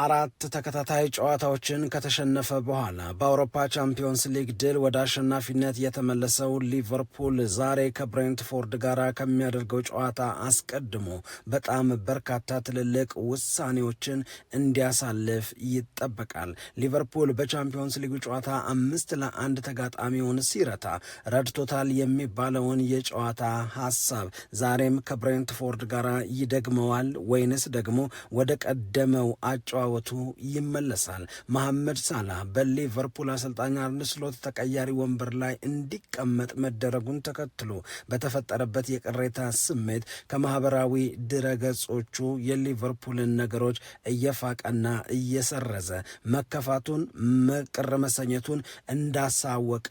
አራት ተከታታይ ጨዋታዎችን ከተሸነፈ በኋላ በአውሮፓ ቻምፒዮንስ ሊግ ድል ወደ አሸናፊነት የተመለሰው ሊቨርፑል ዛሬ ከብሬንትፎርድ ጋር ከሚያደርገው ጨዋታ አስቀድሞ በጣም በርካታ ትልልቅ ውሳኔዎችን እንዲያሳልፍ ይጠበቃል። ሊቨርፑል በቻምፒዮንስ ሊግ ጨዋታ አምስት ለአንድ ተጋጣሚውን ሲረታ ረድቶታል የሚባለውን የጨዋታ ሀሳብ ዛሬም ከብሬንትፎርድ ጋር ይደግመዋል ወይንስ ደግሞ ወደ ቀደመው አጫ መጫወቱ ይመለሳል። መሐመድ ሳላህ በሊቨርፑል አሰልጣኝ አርነ ስሎት ተቀያሪ ወንበር ላይ እንዲቀመጥ መደረጉን ተከትሎ በተፈጠረበት የቅሬታ ስሜት ከማህበራዊ ድረገጾቹ የሊቨርፑልን ነገሮች እየፋቀና እየሰረዘ መከፋቱን መቅር መሰኘቱን እንዳሳወቀ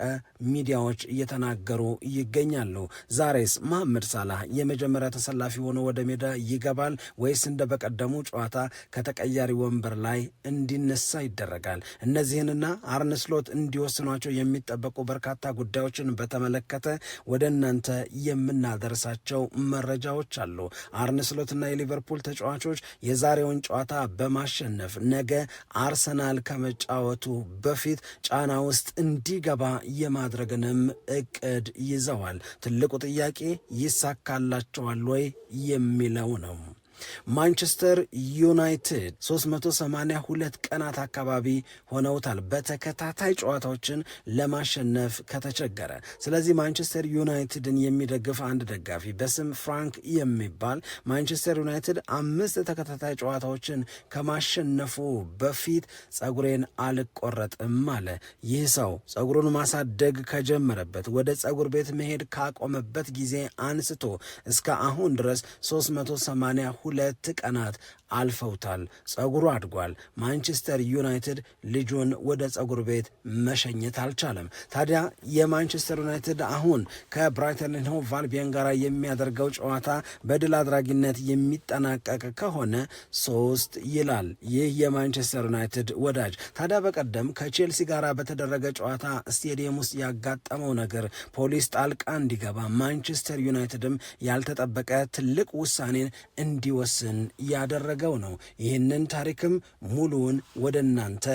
ሚዲያዎች እየተናገሩ ይገኛሉ። ዛሬስ መሐመድ ሳላህ የመጀመሪያ ተሰላፊ ሆኖ ወደ ሜዳ ይገባል ወይስ እንደ በቀደሙ ጨዋታ ከተቀያሪ ወንበር መስመር ላይ እንዲነሳ ይደረጋል። እነዚህንና አርነ ስሎት እንዲወስኗቸው የሚጠበቁ በርካታ ጉዳዮችን በተመለከተ ወደ እናንተ የምናደርሳቸው መረጃዎች አሉ። አርነ ስሎትና የሊቨርፑል ተጫዋቾች የዛሬውን ጨዋታ በማሸነፍ ነገ አርሰናል ከመጫወቱ በፊት ጫና ውስጥ እንዲገባ የማድረግንም እቅድ ይዘዋል። ትልቁ ጥያቄ ይሳካላቸዋል ወይ የሚለው ነው። ማንቸስተር ዩናይትድ 382 ቀናት አካባቢ ሆነውታል በተከታታይ ጨዋታዎችን ለማሸነፍ ከተቸገረ። ስለዚህ ማንቸስተር ዩናይትድን የሚደግፍ አንድ ደጋፊ በስም ፍራንክ የሚባል ማንቸስተር ዩናይትድ አምስት ተከታታይ ጨዋታዎችን ከማሸነፉ በፊት ጸጉሬን አልቆረጥም አለ። ይህ ሰው ጸጉሩን ማሳደግ ከጀመረበት ወደ ጸጉር ቤት መሄድ ካቆመበት ጊዜ አንስቶ እስከ አሁን ድረስ 382 ሁለት ቀናት አልፈውታል። ጸጉሩ አድጓል። ማንቸስተር ዩናይትድ ልጁን ወደ ጸጉር ቤት መሸኘት አልቻለም። ታዲያ የማንቸስተር ዩናይትድ አሁን ከብራይተን ኤንድ ሆቭ አልቢዮን ጋር የሚያደርገው ጨዋታ በድል አድራጊነት የሚጠናቀቅ ከሆነ ሶስት ይላል ይህ የማንቸስተር ዩናይትድ ወዳጅ። ታዲያ በቀደም ከቼልሲ ጋር በተደረገ ጨዋታ ስቴዲየም ውስጥ ያጋጠመው ነገር ፖሊስ ጣልቃ እንዲገባ ማንቸስተር ዩናይትድም ያልተጠበቀ ትልቅ ውሳኔን እንዲወስን ያደረገ ያደረገው ነው። ይህንን ታሪክም ሙሉውን ወደ እናንተ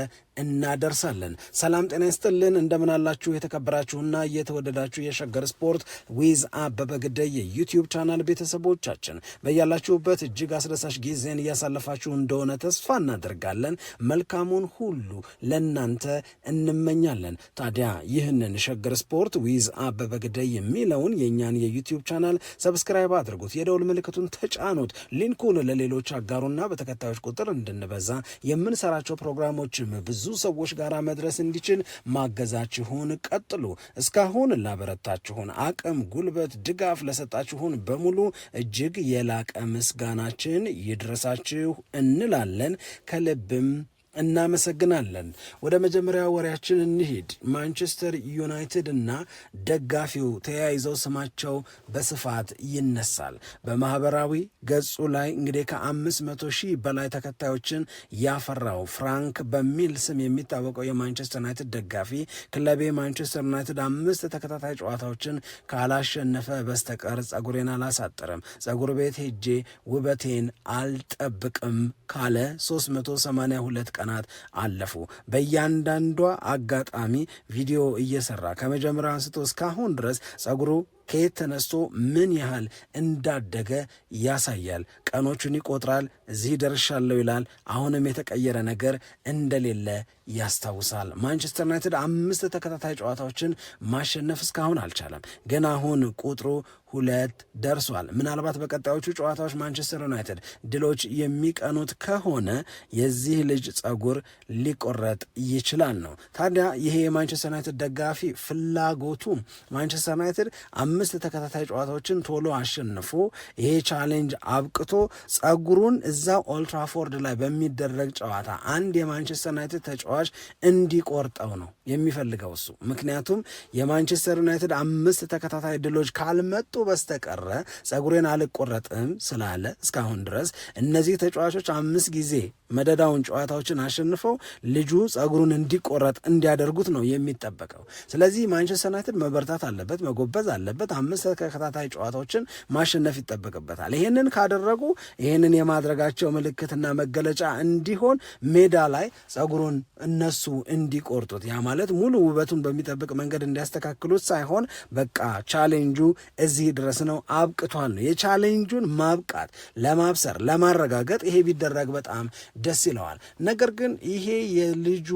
እናደርሳለን። ሰላም ጤና ይስጥልን፣ እንደምናላችሁ የተከበራችሁና የተወደዳችሁ የሸገር ስፖርት ዊዝ አበበ ግደይ የዩትዩብ ቻናል ቤተሰቦቻችን በያላችሁበት እጅግ አስደሳች ጊዜን እያሳለፋችሁ እንደሆነ ተስፋ እናደርጋለን። መልካሙን ሁሉ ለእናንተ እንመኛለን። ታዲያ ይህንን ሸገር ስፖርት ዊዝ አበበ ግደይ የሚለውን የእኛን የዩትዩብ ቻናል ሰብስክራይብ አድርጉት፣ የደውል ምልክቱን ተጫኑት፣ ሊንኩን ለሌሎች አጋሩና በተከታዮች ቁጥር እንድንበዛ የምንሰራቸው ፕሮግራሞችም ብዙ ብዙ ሰዎች ጋር መድረስ እንዲችል ማገዛችሁን ቀጥሉ። እስካሁን ላበረታችሁን አቅም፣ ጉልበት፣ ድጋፍ ለሰጣችሁን በሙሉ እጅግ የላቀ ምስጋናችን ይድረሳችሁ እንላለን ከልብም እናመሰግናለን። ወደ መጀመሪያ ወሬያችን እንሂድ። ማንቸስተር ዩናይትድ እና ደጋፊው ተያይዘው ስማቸው በስፋት ይነሳል። በማህበራዊ ገጹ ላይ እንግዲህ ከአምስት መቶ ሺህ በላይ ተከታዮችን ያፈራው ፍራንክ በሚል ስም የሚታወቀው የማንቸስተር ዩናይትድ ደጋፊ ክለቤ ማንቸስተር ዩናይትድ አምስት ተከታታይ ጨዋታዎችን ካላሸነፈ በስተቀር ጸጉሬን አላሳጥርም፣ ጸጉር ቤት ሄጄ ውበቴን አልጠብቅም ካለ 382 ቀን ቀናት አለፉ። በእያንዳንዷ አጋጣሚ ቪዲዮ እየሰራ ከመጀመሪያ አንስቶ እስካሁን ድረስ ጸጉሩ ከየት ተነስቶ ምን ያህል እንዳደገ ያሳያል። ቀኖቹን ይቆጥራል። እዚህ ደርሻለሁ ይላል። አሁንም የተቀየረ ነገር እንደሌለ ያስታውሳል። ማንቸስተር ዩናይትድ አምስት ተከታታይ ጨዋታዎችን ማሸነፍ እስካሁን አልቻለም፣ ግን አሁን ቁጥሩ ሁለት ደርሷል። ምናልባት በቀጣዮቹ ጨዋታዎች ማንቸስተር ዩናይትድ ድሎች የሚቀኑት ከሆነ የዚህ ልጅ ጸጉር ሊቆረጥ ይችላል ነው። ታዲያ ይሄ የማንቸስተር ዩናይትድ ደጋፊ ፍላጎቱ ማንቸስተር ዩናይትድ አምስት ተከታታይ ጨዋታዎችን ቶሎ አሸንፎ ይሄ ቻሌንጅ አብቅቶ ጸጉሩን እዛ ኦልትራፎርድ ላይ በሚደረግ ጨዋታ አንድ የማንቸስተር ዩናይትድ ተጫዋች እንዲቆርጠው ነው የሚፈልገው እሱ። ምክንያቱም የማንቸስተር ዩናይትድ አምስት ተከታታይ ድሎች ካልመጡ በስተቀረ ጸጉሬን አልቆረጥም ስላለ እስካሁን ድረስ እነዚህ ተጫዋቾች አምስት ጊዜ መደዳውን ጨዋታዎችን አሸንፈው ልጁ ጸጉሩን እንዲቆረጥ እንዲያደርጉት ነው የሚጠበቀው። ስለዚህ ማንቸስተር ዩናይትድ መበርታት አለበት፣ መጎበዝ አለበት። ያለበት አምስት ተከታታይ ጨዋታዎችን ማሸነፍ ይጠበቅበታል። ይህንን ካደረጉ ይህንን የማድረጋቸው ምልክትና መገለጫ እንዲሆን ሜዳ ላይ ጸጉሩን እነሱ እንዲቆርጡት ያ ማለት ሙሉ ውበቱን በሚጠብቅ መንገድ እንዲያስተካክሉት ሳይሆን በቃ ቻሌንጁ እዚህ ድረስ ነው አብቅቷል ነው የቻሌንጁን ማብቃት ለማብሰር ለማረጋገጥ ይሄ ቢደረግ በጣም ደስ ይለዋል። ነገር ግን ይሄ የልጁ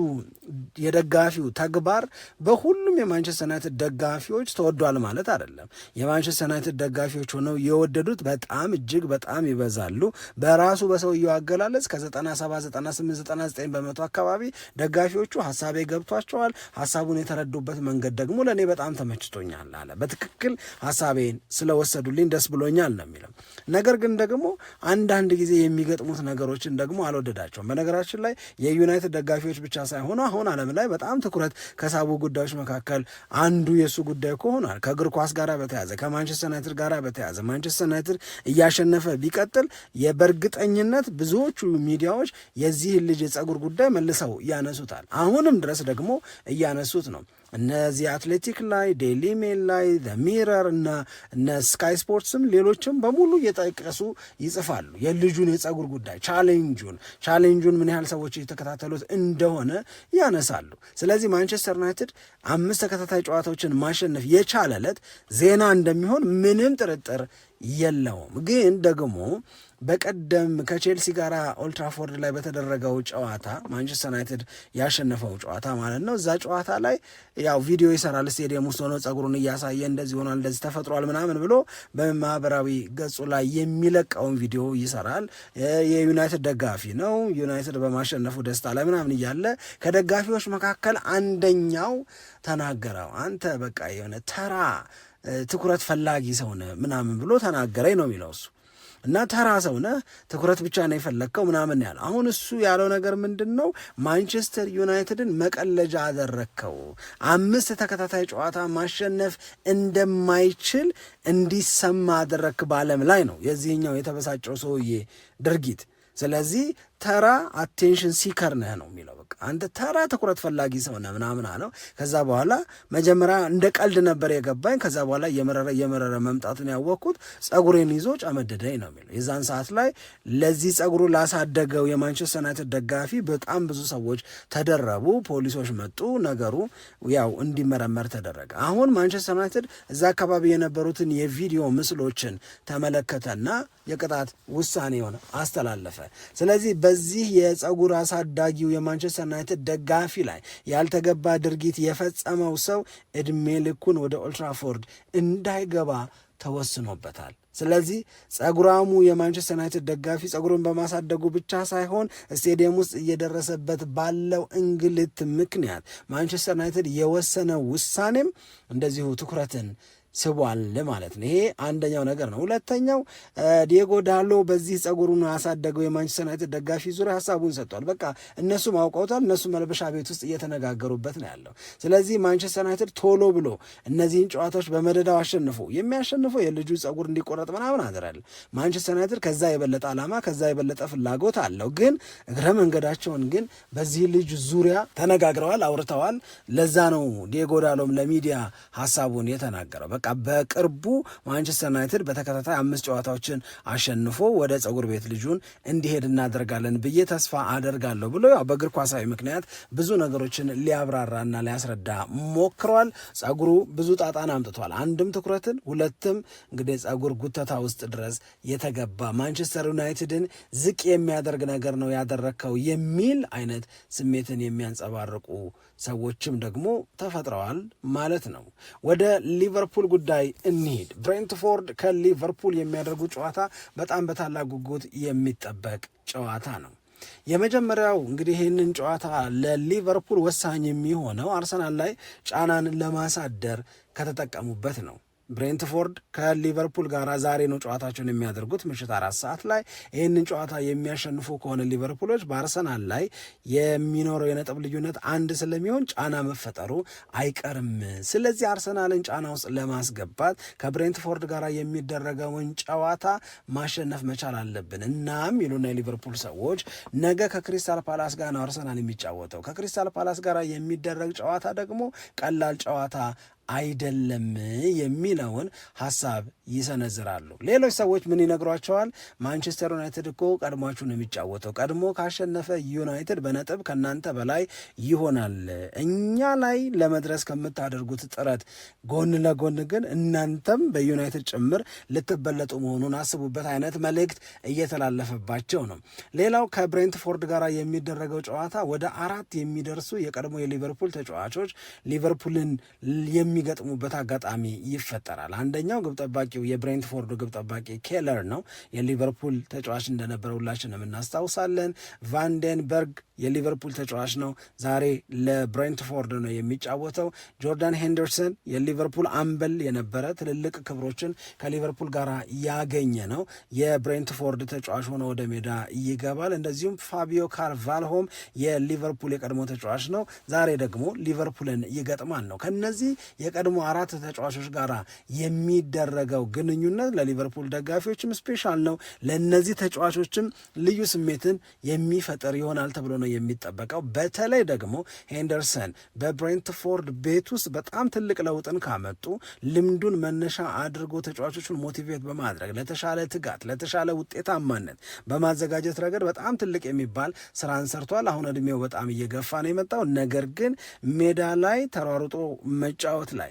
የደጋፊው ተግባር በሁሉም የማንቸስተር ዩናይትድ ደጋፊዎች ተወዷል ማለት አይደለም። አይደለም። የማንቸስተር ዩናይትድ ደጋፊዎች ሆነው የወደዱት በጣም እጅግ በጣም ይበዛሉ። በራሱ በሰውየው አገላለጽ ከ97 98 99 በመቶ አካባቢ ደጋፊዎቹ ሀሳቤ ገብቷቸዋል፣ ሀሳቡን የተረዱበት መንገድ ደግሞ ለእኔ በጣም ተመችቶኛል አለ። በትክክል ሀሳቤን ስለወሰዱልኝ ደስ ብሎኛል ነው የሚለው። ነገር ግን ደግሞ አንዳንድ ጊዜ የሚገጥሙት ነገሮችን ደግሞ አልወደዳቸውም። በነገራችን ላይ የዩናይትድ ደጋፊዎች ብቻ ሳይሆኑ አሁን ዓለም ላይ በጣም ትኩረት ከሳቡ ጉዳዮች መካከል አንዱ የእሱ ጉዳይ ከሆኗል ከእግር ኳስ ጋር ጋር በተያዘ ከማንቸስተር ዩናይትድ ጋር በተያዘ ማንቸስተር ዩናይትድ እያሸነፈ ቢቀጥል በእርግጠኝነት ብዙዎቹ ሚዲያዎች የዚህን ልጅ የጸጉር ጉዳይ መልሰው ያነሱታል። አሁንም ድረስ ደግሞ እያነሱት ነው። እነዚህ አትሌቲክ ላይ ዴይሊ ሜል ላይ ሚረር እና እነ ስካይ ስፖርትስም ሌሎችም በሙሉ እየጠቀሱ ይጽፋሉ። የልጁን የፀጉር ጉዳይ ቻሌንጁን ቻሌንጁን ምን ያህል ሰዎች የተከታተሉት እንደሆነ ያነሳሉ። ስለዚህ ማንቸስተር ዩናይትድ አምስት ተከታታይ ጨዋታዎችን ማሸነፍ የቻለ ዜና እንደሚሆን ምንም ጥርጥር የለውም። ግን ደግሞ በቀደም ከቼልሲ ጋር ኦልትራፎርድ ላይ በተደረገው ጨዋታ ማንቸስተር ዩናይትድ ያሸነፈው ጨዋታ ማለት ነው። እዛ ጨዋታ ላይ ያው ቪዲዮ ይሰራል ስቴዲየም ውስጥ ሆኖ ጸጉሩን እያሳየ እንደዚህ ሆኗል፣ እንደዚህ ተፈጥሯል ምናምን ብሎ በማህበራዊ ገጹ ላይ የሚለቀውን ቪዲዮ ይሰራል። የዩናይትድ ደጋፊ ነው። ዩናይትድ በማሸነፉ ደስታ ላይ ምናምን እያለ ከደጋፊዎች መካከል አንደኛው ተናገረው፣ አንተ በቃ የሆነ ተራ ትኩረት ፈላጊ ሰውነ ምናምን ብሎ ተናገረኝ ነው የሚለው እሱ እና ተራ ሰውነ ትኩረት ብቻ ነው የፈለግከው ምናምን ያለ። አሁን እሱ ያለው ነገር ምንድን ነው? ማንቸስተር ዩናይትድን መቀለጃ አደረግከው። አምስት ተከታታይ ጨዋታ ማሸነፍ እንደማይችል እንዲሰማ አደረግክ በአለም ላይ ነው የዚህኛው የተበሳጨው ሰውዬ ድርጊት። ስለዚህ ተራ አቴንሽን ሲከር ነህ ነው የሚለው። በቃ አንተ ተራ ትኩረት ፈላጊ ሰው ነህ ምናምን አለው። ከዛ በኋላ መጀመሪያ እንደ ቀልድ ነበር የገባኝ። ከዛ በኋላ እየመረረ እየመረረ መምጣቱን ያወቅኩት ጸጉሬን ይዞ ጨመደደኝ ነው የሚለው። የዛን ሰዓት ላይ ለዚህ ጸጉሩ ላሳደገው የማንቸስተር ዩናይትድ ደጋፊ በጣም ብዙ ሰዎች ተደረቡ። ፖሊሶች መጡ። ነገሩ ያው እንዲመረመር ተደረገ። አሁን ማንቸስተር ዩናይትድ እዛ አካባቢ የነበሩትን የቪዲዮ ምስሎችን ተመለከተና የቅጣት ውሳኔ ሆነ አስተላለፈ። ስለዚህ በዚህ የፀጉር አሳዳጊው የማንቸስተር ዩናይትድ ደጋፊ ላይ ያልተገባ ድርጊት የፈጸመው ሰው እድሜ ልኩን ወደ ኦልትራፎርድ እንዳይገባ ተወስኖበታል። ስለዚህ ጸጉራሙ የማንቸስተር ዩናይትድ ደጋፊ ጸጉሩን በማሳደጉ ብቻ ሳይሆን ስቴዲየም ውስጥ እየደረሰበት ባለው እንግልት ምክንያት ማንቸስተር ዩናይትድ የወሰነ ውሳኔም እንደዚሁ ትኩረትን ስቧል ማለት ነው። ይሄ አንደኛው ነገር ነው። ሁለተኛው ዲየጎ ዳሎ በዚህ ጸጉሩን ያሳደገው የማንቸስተር ዩናይትድ ደጋፊ ዙሪያ ሀሳቡን ሰጥቷል። በቃ እነሱም ማውቀውታል። እነሱ መልበሻ ቤት ውስጥ እየተነጋገሩበት ነው ያለው። ስለዚህ ማንቸስተር ዩናይትድ ቶሎ ብሎ እነዚህን ጨዋታዎች በመደዳው አሸንፎ የሚያሸንፈው የልጁ ጸጉር እንዲቆረጥ ምናምን አደራል። ማንቸስተር ዩናይትድ ከዛ የበለጠ ዓላማ ከዛ የበለጠ ፍላጎት አለው። ግን እግረ መንገዳቸውን ግን በዚህ ልጅ ዙሪያ ተነጋግረዋል፣ አውርተዋል። ለዛ ነው ዲየጎ ዳሎም ለሚዲያ ሀሳቡን የተናገረው በቃ በቅርቡ ማንቸስተር ዩናይትድ በተከታታይ አምስት ጨዋታዎችን አሸንፎ ወደ ጸጉር ቤት ልጁን እንዲሄድ እናደርጋለን ብዬ ተስፋ አደርጋለሁ ብሎ ያው በእግር ኳሳዊ ምክንያት ብዙ ነገሮችን ሊያብራራና ሊያስረዳ ሞክረዋል። ጸጉሩ ብዙ ጣጣን አምጥቷል። አንድም ትኩረትን፣ ሁለትም እንግዲህ ጸጉር ጉተታ ውስጥ ድረስ የተገባ ማንቸስተር ዩናይትድን ዝቅ የሚያደርግ ነገር ነው ያደረግከው የሚል አይነት ስሜትን የሚያንጸባርቁ ሰዎችም ደግሞ ተፈጥረዋል ማለት ነው። ወደ ሊቨርፑል ጉዳይ እንሂድ። ብሬንትፎርድ ከሊቨርፑል የሚያደርጉ ጨዋታ በጣም በታላቅ ጉጉት የሚጠበቅ ጨዋታ ነው። የመጀመሪያው እንግዲህ ይህንን ጨዋታ ለሊቨርፑል ወሳኝ የሚሆነው አርሰናል ላይ ጫናን ለማሳደር ከተጠቀሙበት ነው። ብሬንትፎርድ ከሊቨርፑል ጋር ዛሬ ነው ጨዋታቸውን የሚያደርጉት ምሽት አራት ሰዓት ላይ። ይህንን ጨዋታ የሚያሸንፉ ከሆነ ሊቨርፑሎች በአርሰናል ላይ የሚኖረው የነጥብ ልዩነት አንድ ስለሚሆን ጫና መፈጠሩ አይቀርም። ስለዚህ አርሰናልን ጫና ውስጥ ለማስገባት ከብሬንትፎርድ ጋር የሚደረገውን ጨዋታ ማሸነፍ መቻል አለብን። እናም ይሉና የሊቨርፑል ሰዎች ነገ ከክሪስታል ፓላስ ጋር ነው አርሰናል የሚጫወተው። ከክሪስታል ፓላስ ጋር የሚደረግ ጨዋታ ደግሞ ቀላል ጨዋታ አይደለም የሚለውን ሀሳብ ይሰነዝራሉ። ሌሎች ሰዎች ምን ይነግሯቸዋል? ማንቸስተር ዩናይትድ እኮ ቀድሟችሁ ነው የሚጫወተው። ቀድሞ ካሸነፈ ዩናይትድ በነጥብ ከእናንተ በላይ ይሆናል። እኛ ላይ ለመድረስ ከምታደርጉት ጥረት ጎን ለጎን ግን እናንተም በዩናይትድ ጭምር ልትበለጡ መሆኑን አስቡበት አይነት መልእክት እየተላለፈባቸው ነው። ሌላው ከብሬንትፎርድ ጋር የሚደረገው ጨዋታ ወደ አራት የሚደርሱ የቀድሞ የሊቨርፑል ተጫዋቾች ሊቨርፑልን የሚ የሚገጥሙበት አጋጣሚ ይፈጠራል። አንደኛው ግብ ጠባቂው የብሬንትፎርዱ ግብ ጠባቂ ኬለር ነው። የሊቨርፑል ተጫዋች እንደነበረ ሁላችን እናስታውሳለን። ቫንደንበርግ የሊቨርፑል ተጫዋች ነው። ዛሬ ለብሬንትፎርድ ነው የሚጫወተው። ጆርዳን ሄንደርሰን የሊቨርፑል አምበል የነበረ ትልልቅ ክብሮችን ከሊቨርፑል ጋር ያገኘ ነው። የብሬንትፎርድ ተጫዋች ሆኖ ወደ ሜዳ ይገባል። እንደዚሁም ፋቢዮ ካርቫልሆም የሊቨርፑል የቀድሞ ተጫዋች ነው። ዛሬ ደግሞ ሊቨርፑልን ይገጥማል ነው። ከነዚህ የቀድሞ አራት ተጫዋቾች ጋር የሚደረገው ግንኙነት ለሊቨርፑል ደጋፊዎችም ስፔሻል ነው። ለእነዚህ ተጫዋቾችም ልዩ ስሜትን የሚፈጥር ይሆናል ተብሎ ነው ነው የሚጠበቀው። በተለይ ደግሞ ሄንደርሰን በብሬንትፎርድ ቤት ውስጥ በጣም ትልቅ ለውጥን ካመጡ ልምዱን መነሻ አድርጎ ተጫዋቾቹን ሞቲቬት በማድረግ ለተሻለ ትጋት፣ ለተሻለ ውጤታማነት በማዘጋጀት ረገድ በጣም ትልቅ የሚባል ስራን ሰርቷል። አሁን እድሜው በጣም እየገፋ ነው የመጣው። ነገር ግን ሜዳ ላይ ተሯሩጦ መጫወት ላይ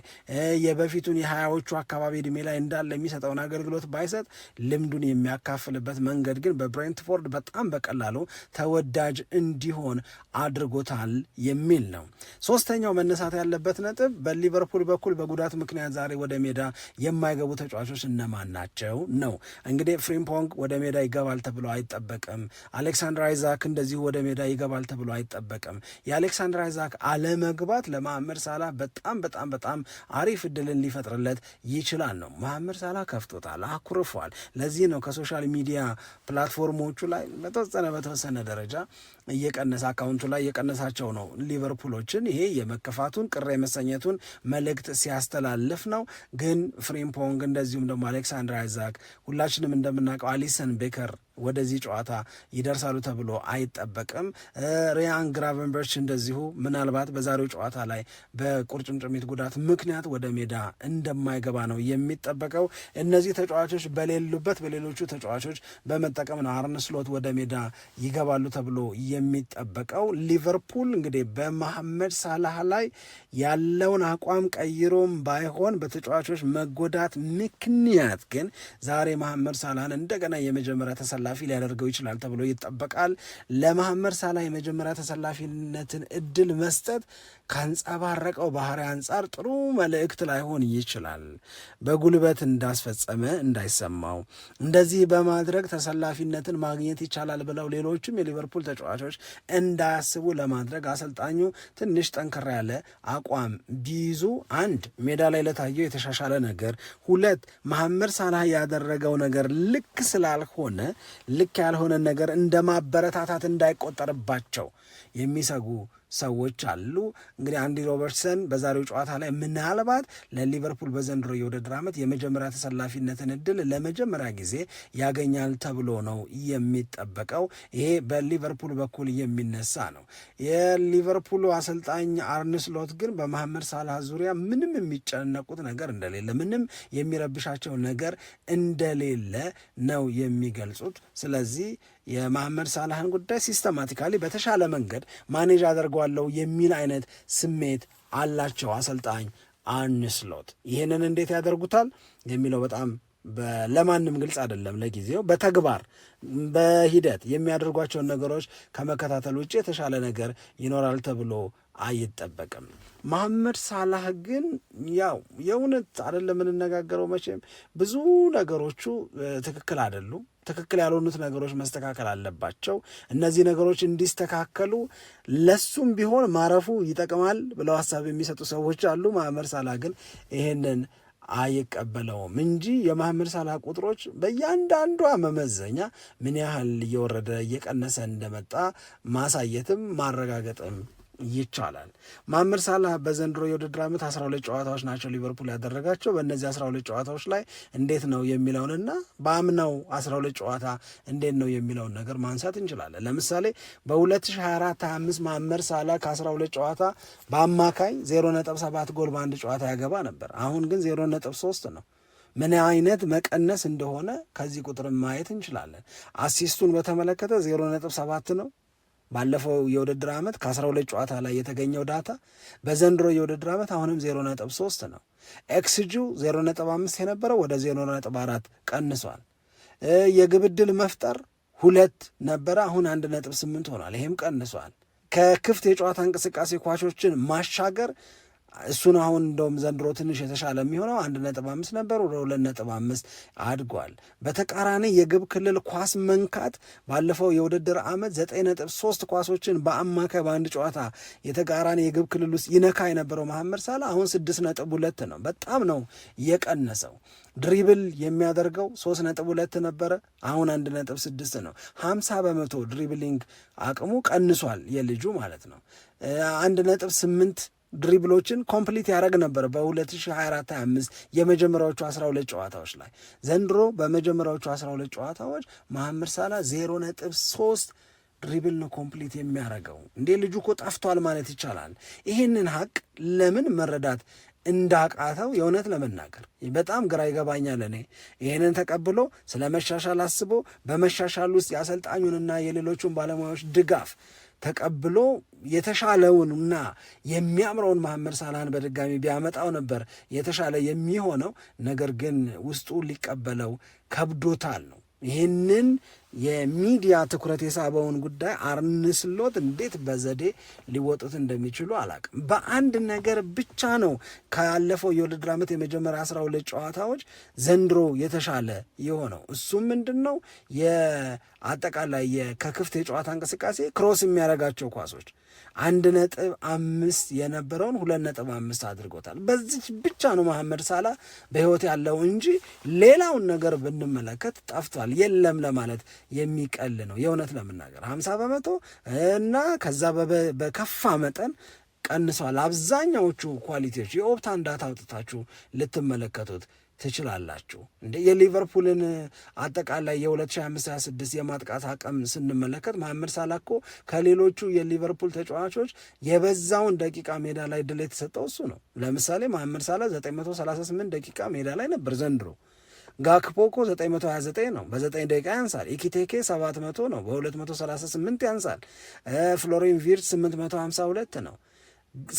የበፊቱን የሀያዎቹ አካባቢ እድሜ ላይ እንዳለ የሚሰጠውን አገልግሎት ባይሰጥ ልምዱን የሚያካፍልበት መንገድ ግን በብሬንትፎርድ በጣም በቀላሉ ተወዳጅ እንዲ እንዲሆን አድርጎታል የሚል ነው። ሶስተኛው መነሳት ያለበት ነጥብ በሊቨርፑል በኩል በጉዳት ምክንያት ዛሬ ወደ ሜዳ የማይገቡ ተጫዋቾች እነማን ናቸው ነው። እንግዲህ ፍሪምፖንግ ወደ ሜዳ ይገባል ተብሎ አይጠበቅም። አሌክሳንድር አይዛክ እንደዚሁ ወደ ሜዳ ይገባል ተብሎ አይጠበቅም። የአሌክሳንድር አይዛክ አለመግባት ለመሐመድ ሳላ በጣም በጣም በጣም አሪፍ እድልን ሊፈጥርለት ይችላል ነው። መሐመድ ሳላ ከፍቶታል፣ አኩርፏል። ለዚህ ነው ከሶሻል ሚዲያ ፕላትፎርሞቹ ላይ በተወሰነ በተወሰነ ደረጃ እየቀነሰ አካውንቱ ላይ እየቀነሳቸው ነው ሊቨርፑሎችን። ይሄ የመከፋቱን ቅር የመሰኘቱን መልእክት ሲያስተላልፍ ነው። ግን ፍሪምፖንግ እንደዚሁም ደግሞ አሌክሳንድር አይዛክ ሁላችንም እንደምናውቀው አሊሰን ቤከር ወደዚህ ጨዋታ ይደርሳሉ ተብሎ አይጠበቅም። ሪያን ግራቨንበርች እንደዚሁ ምናልባት በዛሬው ጨዋታ ላይ በቁርጭምጭሚት ጉዳት ምክንያት ወደ ሜዳ እንደማይገባ ነው የሚጠበቀው። እነዚህ ተጫዋቾች በሌሉበት በሌሎቹ ተጫዋቾች በመጠቀም ነው አርነ ስሎት ወደ ሜዳ ይገባሉ ተብሎ የሚጠበቀው። ሊቨርፑል እንግዲህ በመሐመድ ሳላህ ላይ ያለውን አቋም ቀይሮም ባይሆን በተጫዋቾች መጎዳት ምክንያት ግን ዛሬ መሐመድ ሳላህን እንደገና የመጀመሪያ ተሰላ ተሰላፊ ሊያደርገው ይችላል ተብሎ ይጠበቃል። ለመሐመድ ሳላ የመጀመሪያ ተሰላፊነትን እድል መስጠት ካንጸባረቀው ባህሪ አንጻር ጥሩ መልእክት ላይሆን ይችላል። በጉልበት እንዳስፈጸመ እንዳይሰማው፣ እንደዚህ በማድረግ ተሰላፊነትን ማግኘት ይቻላል ብለው ሌሎችም የሊቨርፑል ተጫዋቾች እንዳያስቡ ለማድረግ አሰልጣኙ ትንሽ ጠንከራ ያለ አቋም ቢይዙ አንድ ሜዳ ላይ ለታየው የተሻሻለ ነገር፣ ሁለት መሐመድ ሳላህ ያደረገው ነገር ልክ ስላልሆነ ልክ ያልሆነ ነገር እንደ ማበረታታት እንዳይቆጠርባቸው የሚሰጉ ሰዎች አሉ። እንግዲህ አንዲ ሮበርትሰን በዛሬው ጨዋታ ላይ ምናልባት ለሊቨርፑል በዘንድሮ የውድድር ዓመት የመጀመሪያ ተሰላፊነትን እድል ለመጀመሪያ ጊዜ ያገኛል ተብሎ ነው የሚጠበቀው። ይሄ በሊቨርፑል በኩል የሚነሳ ነው። የሊቨርፑሉ አሰልጣኝ አርንስሎት ግን በመሐመድ ሳላህ ዙሪያ ምንም የሚጨነቁት ነገር እንደሌለ፣ ምንም የሚረብሻቸው ነገር እንደሌለ ነው የሚገልጹት። ስለዚህ የማህመድ ሳላህን ጉዳይ ሲስተማቲካሊ በተሻለ መንገድ ማኔጅ አደርገዋለሁ የሚል አይነት ስሜት አላቸው አሰልጣኝ አርነ ስሎት። ይህንን እንዴት ያደርጉታል የሚለው በጣም ለማንም ግልጽ አይደለም ለጊዜው። በተግባር በሂደት የሚያደርጓቸውን ነገሮች ከመከታተል ውጭ የተሻለ ነገር ይኖራል ተብሎ አይጠበቅም። መሐመድ ሳላህ ግን ያው የእውነት አይደለም የምንነጋገረው። መቼም ብዙ ነገሮቹ ትክክል አይደሉም። ትክክል ያልሆኑት ነገሮች መስተካከል አለባቸው። እነዚህ ነገሮች እንዲስተካከሉ ለሱም ቢሆን ማረፉ ይጠቅማል ብለው ሀሳብ የሚሰጡ ሰዎች አሉ። መሐመድ ሳላህ ግን ይህንን አይቀበለውም እንጂ የመሐመድ ሳላህ ቁጥሮች በእያንዳንዷ መመዘኛ ምን ያህል እየወረደ እየቀነሰ እንደመጣ ማሳየትም ማረጋገጥም ይቻላል። ማምር ሳላ በዘንድሮ የውድድር ዓመት 12 ጨዋታዎች ናቸው ሊቨርፑል ያደረጋቸው። በእነዚህ 12 ጨዋታዎች ላይ እንዴት ነው የሚለውንና በአምናው 12 ጨዋታ እንዴት ነው የሚለውን ነገር ማንሳት እንችላለን። ለምሳሌ በ2024/25 ማምር ሳላህ ከ12 ጨዋታ በአማካይ 0.7 ጎል በአንድ ጨዋታ ያገባ ነበር። አሁን ግን 0.3 ነው። ምን አይነት መቀነስ እንደሆነ ከዚህ ቁጥር ማየት እንችላለን። አሲስቱን በተመለከተ 0.7 ነው ባለፈው የውድድር ዓመት ከ12 ጨዋታ ላይ የተገኘው ዳታ በዘንድሮ የውድድር ዓመት አሁንም 0.3 ነው። ኤክስጂው 0.5 የነበረው ወደ 0.4 ቀንሷል። የግብ ዕድል መፍጠር ሁለት ነበረ፣ አሁን 1.8 ሆኗል። ይሄም ቀንሷል። ከክፍት የጨዋታ እንቅስቃሴ ኳሾችን ማሻገር እሱን አሁን እንደውም ዘንድሮ ትንሽ የተሻለ የሚሆነው አንድ ነጥብ አምስት ነበር ወደ ሁለት ነጥብ አምስት አድጓል። በተቃራኒ የግብ ክልል ኳስ መንካት ባለፈው የውድድር ዓመት ዘጠኝ ነጥብ ሶስት ኳሶችን በአማካይ በአንድ ጨዋታ የተቃራኒ የግብ ክልል ውስጥ ይነካ የነበረው መሐመድ ሳላ አሁን ስድስት ነጥብ ሁለት ነው። በጣም ነው የቀነሰው። ድሪብል የሚያደርገው ሶስት ነጥብ ሁለት ነበረ፣ አሁን አንድ ነጥብ ስድስት ነው። ሀምሳ በመቶ ድሪብሊንግ አቅሙ ቀንሷል የልጁ ማለት ነው። አንድ ነጥብ ስምንት ድሪብሎችን ኮምፕሊት ያደረግ ነበር በ2024 25 የመጀመሪያዎቹ 12 ጨዋታዎች ላይ። ዘንድሮ በመጀመሪያዎቹ 12 ጨዋታዎች መሐመድ ሳላ 0.3 ድሪብል ነው ኮምፕሊት የሚያደርገው። እንዴ ልጁ እኮ ጠፍቷል ማለት ይቻላል። ይህንን ሀቅ ለምን መረዳት እንዳቃተው የእውነት ለመናገር በጣም ግራ ይገባኛል። እኔ ይህንን ተቀብሎ ስለ መሻሻል አስቦ በመሻሻል ውስጥ የአሰልጣኙንና የሌሎቹን ባለሙያዎች ድጋፍ ተቀብሎ የተሻለውንና የሚያምረውን መሐመድ ሳላህን በድጋሚ ቢያመጣው ነበር የተሻለ የሚሆነው። ነገር ግን ውስጡ ሊቀበለው ከብዶታል ነው ይህንን የሚዲያ ትኩረት የሳበውን ጉዳይ አርንስሎት እንዴት በዘዴ ሊወጡት እንደሚችሉ አላቅም። በአንድ ነገር ብቻ ነው ካለፈው የውድድር ዓመት የመጀመሪያ አስራ ሁለት ጨዋታዎች ዘንድሮ የተሻለ የሆነው። እሱም ምንድን ነው? የአጠቃላይ ከክፍት የጨዋታ እንቅስቃሴ ክሮስ የሚያደርጋቸው ኳሶች አንድ ነጥብ አምስት የነበረውን ሁለት ነጥብ አምስት አድርጎታል። በዚች ብቻ ነው መሐመድ ሳላ በህይወት ያለው እንጂ ሌላውን ነገር ብንመለከት ጠፍቷል፣ የለም ለማለት የሚቀል ነው። የእውነት ለመናገር ሀምሳ በመቶ እና ከዛ በከፋ መጠን ቀንሰዋል። አብዛኛዎቹ ኳሊቲዎች የኦፕታን ዳታ አውጥታችሁ ልትመለከቱት ትችላላችሁ። እንደ የሊቨርፑልን አጠቃላይ የ2526 የማጥቃት አቅም ስንመለከት መሐመድ ሳላህ እኮ ከሌሎቹ የሊቨርፑል ተጫዋቾች የበዛውን ደቂቃ ሜዳ ላይ ድል የተሰጠው እሱ ነው። ለምሳሌ መሐመድ ሳላህ 938 ደቂቃ ሜዳ ላይ ነበር ዘንድሮ። ጋክፖኮ 929 ነው፣ በ9 ደቂቃ ያንሳል። ኢኪቴኬ 700 ነው፣ በ238 ያንሳል። ፍሎሪን ቪርት 852 ነው።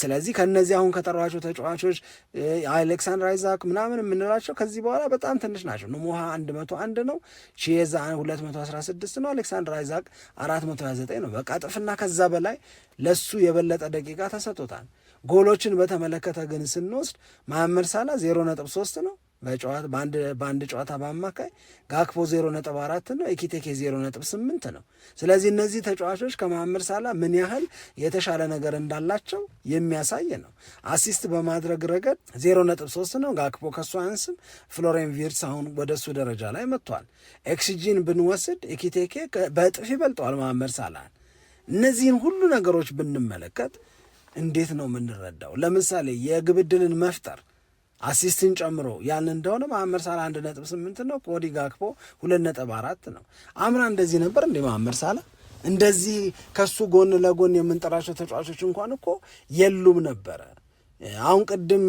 ስለዚህ ከነዚህ አሁን ከጠሯቸው ተጫዋቾች አሌክሳንድር አይዛክ ምናምን የምንላቸው ከዚህ በኋላ በጣም ትንሽ ናቸው። ኖሞሃ አንድ መቶ አንድ ነው፣ ሺዛ ሁለት መቶ አስራ ስድስት ነው፣ አሌክሳንድር አይዛክ አራት መቶ ሀያ ዘጠኝ ነው። በቃ ጥፍና ከዛ በላይ ለሱ የበለጠ ደቂቃ ተሰጥቶታል። ጎሎችን በተመለከተ ግን ስንወስድ መሐመድ ሳላ ዜሮ ነጥብ ሶስት ነው። በጨዋታ በአንድ ጨዋታ በአማካይ ጋክፖ ዜሮ ነጥብ አራት ነው፣ ኢኪቴኬ ዜሮ ነጥብ ስምንት ነው። ስለዚህ እነዚህ ተጫዋቾች ከመሐመድ ሳላ ምን ያህል የተሻለ ነገር እንዳላቸው የሚያሳይ ነው። አሲስት በማድረግ ረገድ ዜሮ ነጥብ ሶስት ነው፣ ጋክፖ ከሱ አንስም። ፍሎሬን ቪርትስ አሁን ወደ እሱ ደረጃ ላይ መጥቷል። ኤክስጂን ብንወስድ ኢኪቴኬ በእጥፍ ይበልጠዋል መሐመድ ሳላን። እነዚህን ሁሉ ነገሮች ብንመለከት እንዴት ነው የምንረዳው? ለምሳሌ የግብ ዕድልን መፍጠር አሲስትን ጨምሮ ያን እንደሆነ ማመር ሳላ አንድ ነጥብ ስምንት ነው። ኮዲ ጋክፖ ሁለት ነጥብ አራት ነው። አምና እንደዚህ ነበር እንዴ ማመር ሳላ እንደዚህ ከሱ ጎን ለጎን የምንጠራቸው ተጫዋቾች እንኳን እኮ የሉም ነበረ። አሁን ቅድም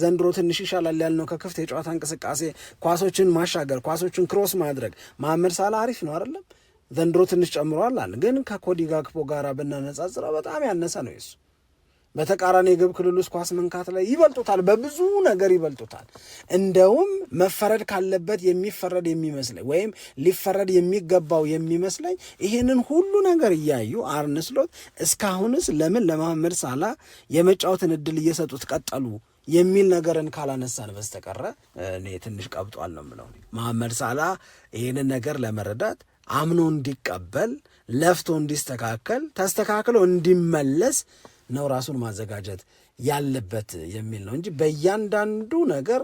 ዘንድሮ ትንሽ ይሻላል ያልነው ከክፍት የጨዋታ እንቅስቃሴ ኳሶችን ማሻገር፣ ኳሶችን ክሮስ ማድረግ ማመር ሳላ አሪፍ ነው አይደለም? ዘንድሮ ትንሽ ጨምሯል፣ ግን ከኮዲ ጋክፖ ጋር ብናነጻጽረው በጣም ያነሰ ነው የሱ በተቃራኒ የግብ ክልል ውስጥ ኳስ መንካት ላይ ይበልጡታል፣ በብዙ ነገር ይበልጡታል። እንደውም መፈረድ ካለበት የሚፈረድ የሚመስለኝ ወይም ሊፈረድ የሚገባው የሚመስለኝ ይህንን ሁሉ ነገር እያዩ አርነ ስሎት እስካሁንስ ለምን ለመሐመድ ሳላ የመጫወትን እድል እየሰጡት ቀጠሉ የሚል ነገርን ካላነሳን በስተቀረ እኔ ትንሽ ቀብጧል ነው የምለው። መሐመድ ሳላ ይህንን ነገር ለመረዳት አምኖ እንዲቀበል ለፍቶ እንዲስተካከል ተስተካክሎ እንዲመለስ ነው ራሱን ማዘጋጀት ያለበት የሚል ነው እንጂ በእያንዳንዱ ነገር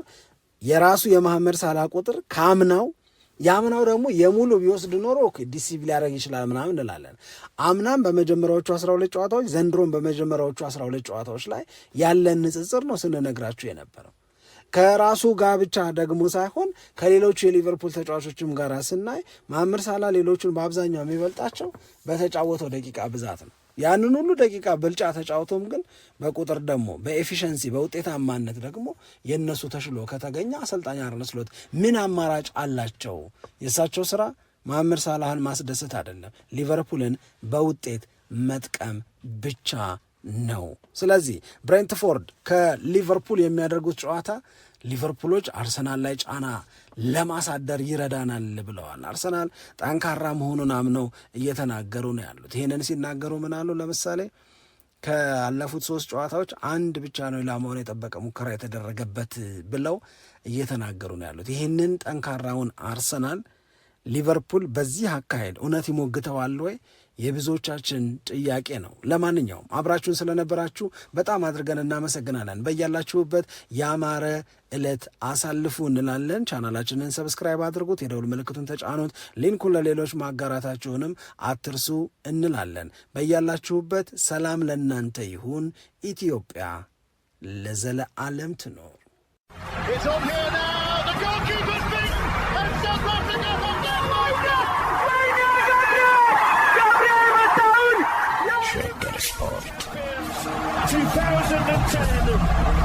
የራሱ የመሐመድ ሳላ ቁጥር ከአምናው የአምናው ደግሞ የሙሉ ቢወስድ ኖሮ ዲሲቪ ሊያደርግ ይችላል ምናምን እንላለን። አምናም በመጀመሪያዎቹ 12 ጨዋታዎች፣ ዘንድሮም በመጀመሪያዎቹ 12 ጨዋታዎች ላይ ያለን ንጽጽር ነው ስንነግራችሁ የነበረው። ከራሱ ጋር ብቻ ደግሞ ሳይሆን ከሌሎቹ የሊቨርፑል ተጫዋቾችም ጋር ስናይ ማምር ሳላ ሌሎቹን በአብዛኛው የሚበልጣቸው በተጫወተው ደቂቃ ብዛት ነው። ያንን ሁሉ ደቂቃ ብልጫ ተጫውቶም ግን በቁጥር ደግሞ በኤፊሸንሲ በውጤታማነት ደግሞ የእነሱ ተሽሎ ከተገኘ አሰልጣኝ አርነ ስሎት ምን አማራጭ አላቸው? የእሳቸው ስራ መሐመድ ሳላህን ማስደሰት አይደለም፣ ሊቨርፑልን በውጤት መጥቀም ብቻ ነው። ስለዚህ ብሬንትፎርድ ከሊቨርፑል የሚያደርጉት ጨዋታ ሊቨርፑሎች አርሰናል ላይ ጫና ለማሳደር ይረዳናል ብለዋል። አርሰናል ጠንካራ መሆኑን አምነው እየተናገሩ ነው ያሉት። ይህንን ሲናገሩ ምን አሉ? ለምሳሌ ካለፉት ሶስት ጨዋታዎች አንድ ብቻ ነው ኢላማውን የጠበቀ ሙከራ የተደረገበት ብለው እየተናገሩ ነው ያሉት። ይህንን ጠንካራውን አርሰናል ሊቨርፑል በዚህ አካሄድ እውነት ይሞግተዋል ወይ? የብዙዎቻችን ጥያቄ ነው። ለማንኛውም አብራችሁን ስለነበራችሁ በጣም አድርገን እናመሰግናለን። በያላችሁበት ያማረ ዕለት አሳልፉ እንላለን። ቻናላችንን ሰብስክራይብ አድርጉት፣ የደውል ምልክቱን ተጫኑት፣ ሊንኩን ለሌሎች ማጋራታችሁንም አትርሱ እንላለን። በያላችሁበት ሰላም ለእናንተ ይሁን። ኢትዮጵያ ለዘለዓለም ትኖር። Sport. 2010